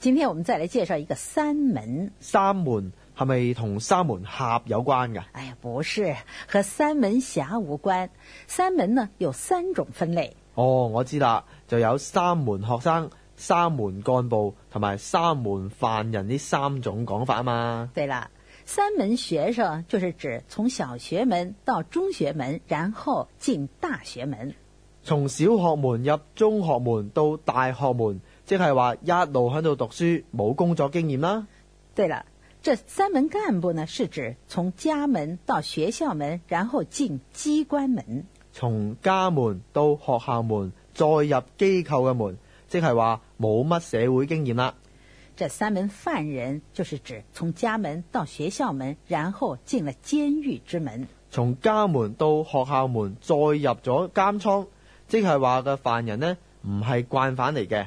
今天我們再來介紹一個三門，三門係咪同三門峽有關嘅？哎呀，不是，和三門峽無關。三門呢有三種分類。哦，我知啦，就有三門學生、三門幹部同埋三門犯人呢三種講法啊嘛。對啦，三門學生就是指從小學門到中學門，然後進大學門。從小學門入中學門到大學門。即係話一路喺度讀書，冇工作經驗啦。對啦，這三門幹部呢，是指從家門到學校門，然後進機關門。從家門到學校門，再入機構嘅門，即係話冇乜社會經驗啦。這三門犯人就是指從家門到學校門，然後進了監獄之門。從家門到學校門，再入咗監倉，即係話個犯人呢，唔係慣犯嚟嘅。